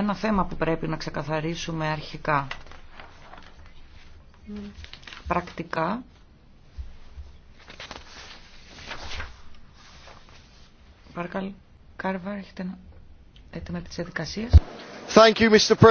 ένα θέμα που πρέπει να ξεκαθαρίσουμε αρχικά. Πρακτικά, Παρακαλώ, Κάρβα, έχετε ένα έτοιμα επί της Thank you, Mr.